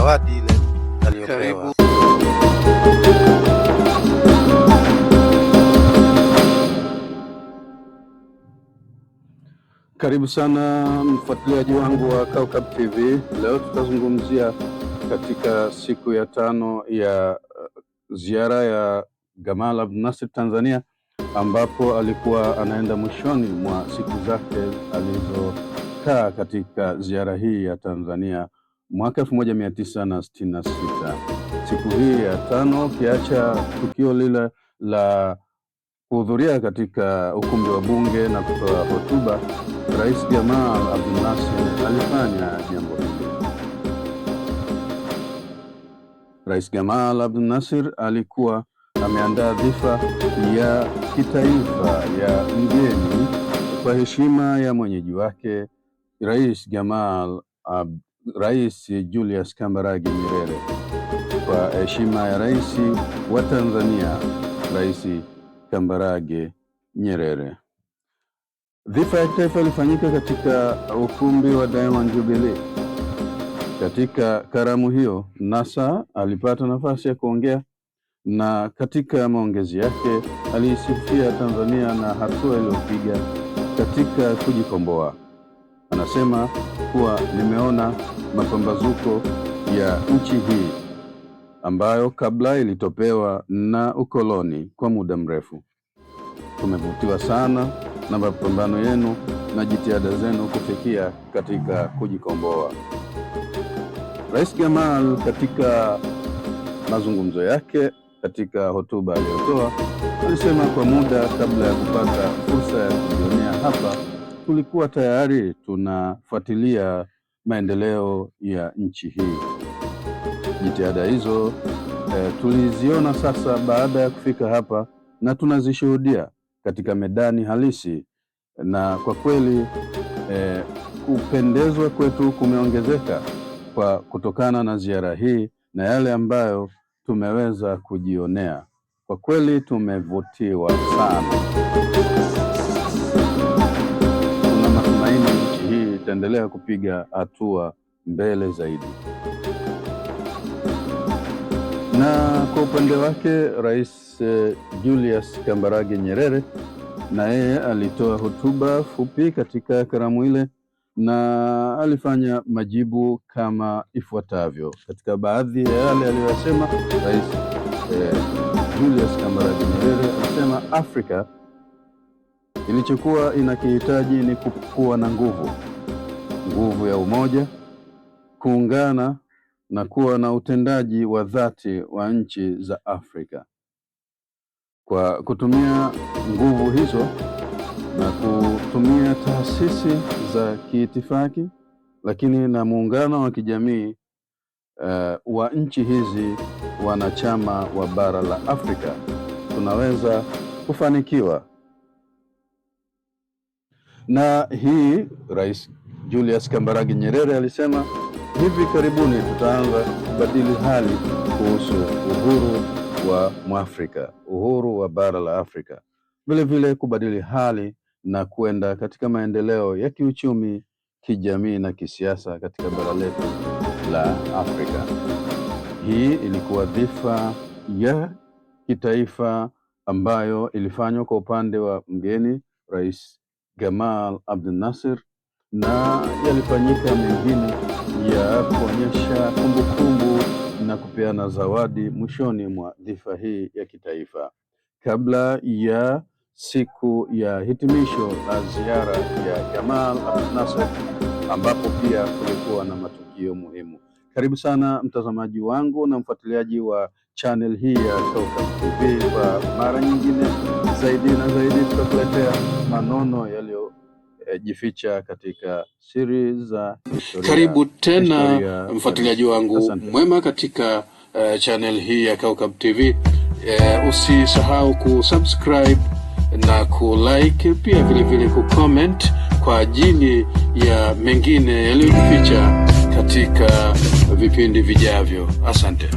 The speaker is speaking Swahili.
zawadi ile aliyopewa. Karibu sana mfuatiliaji wangu wa Kaukab TV. Leo tutazungumzia katika siku ya tano ya uh, ziara ya Gamal Abdel Nasser Tanzania, ambapo alikuwa anaenda mwishoni mwa siku zake alizokaa katika ziara hii ya Tanzania mwaka 1966 siku hii ya tano, ukiacha tukio lile la kuhudhuria katika ukumbi wa bunge na kutoa hotuba, Rais gamal Abdel Nasser alifanya jambo hili. Rais Gamal Abdel Nasser alikuwa ameandaa dhifa ya kitaifa ya mgeni kwa heshima ya mwenyeji wake Rais Gamal Abdel Rais Julius Kambarage Nyerere. Kwa heshima ya rais wa Tanzania, Rais Kambarage Nyerere. Dhifa ya kitaifa ilifanyika katika ukumbi wa Diamond Jubilee. Katika karamu hiyo, Nasa alipata nafasi ya kuongea na katika maongezi yake aliisifia Tanzania na hatua iliyopiga katika kujikomboa anasema kuwa nimeona mapambazuko ya nchi hii ambayo kabla ilitopewa na ukoloni kwa muda mrefu. Tumevutiwa sana na mapambano yenu na jitihada zenu kufikia katika kujikomboa. Rais Gamal katika mazungumzo yake katika hotuba aliyotoa alisema kwa muda kabla ya kupata fursa ya kujionea hapa tulikuwa tayari tunafuatilia maendeleo ya nchi hii. Jitihada hizo eh, tuliziona sasa baada ya kufika hapa na tunazishuhudia katika medani halisi, na kwa kweli eh, kupendezwa kwetu kumeongezeka kwa kutokana na ziara hii na yale ambayo tumeweza kujionea. Kwa kweli tumevutiwa sana. tutaendelea kupiga hatua mbele zaidi. Na kwa upande wake Rais eh, Julius Kambarage Nyerere na yeye alitoa hotuba fupi katika karamu ile na alifanya majibu kama ifuatavyo. Katika baadhi ya yale aliyoyasema Rais eh, Julius Kambarage Nyerere anasema Afrika ilichokuwa inakihitaji ni kuwa na nguvu nguvu ya umoja, kuungana na kuwa na utendaji wa dhati wa nchi za Afrika. Kwa kutumia nguvu hizo na kutumia taasisi za kiitifaki, lakini na muungano wa kijamii uh, wa nchi hizi wanachama wa bara la Afrika tunaweza kufanikiwa. Na hii rais Julius Kambarage Nyerere alisema hivi karibuni tutaanza kubadili hali kuhusu uhuru wa Mwafrika, uhuru wa bara la Afrika, vilevile kubadili hali na kwenda katika maendeleo ya kiuchumi, kijamii na kisiasa katika bara letu la Afrika. Hii ilikuwa dhifa ya kitaifa ambayo ilifanywa kwa upande wa mgeni Rais Gamal Abdel Nasser na yalifanyika mengine ya kuonyesha kumbukumbu na kupeana zawadi mwishoni mwa dhifa hii ya kitaifa kabla ya siku ya hitimisho la ziara ya Gamal Abdel Nasser ambapo pia kulikuwa na matukio muhimu. Karibu sana mtazamaji wangu na mfuatiliaji wa channel hii ya toka TV, kwa mara nyingine zaidi na zaidi tutakuletea manono yaliyo jificha katika siri za historia. Karibu tena mfuatiliaji wangu Asante. mwema katika uh, channel hii ya Kaukab TV. Uh, eh, usisahau kusubscribe na kulike pia vilevile kucomment kwa ajili ya mengine yaliyojificha katika vipindi vijavyo. Asante.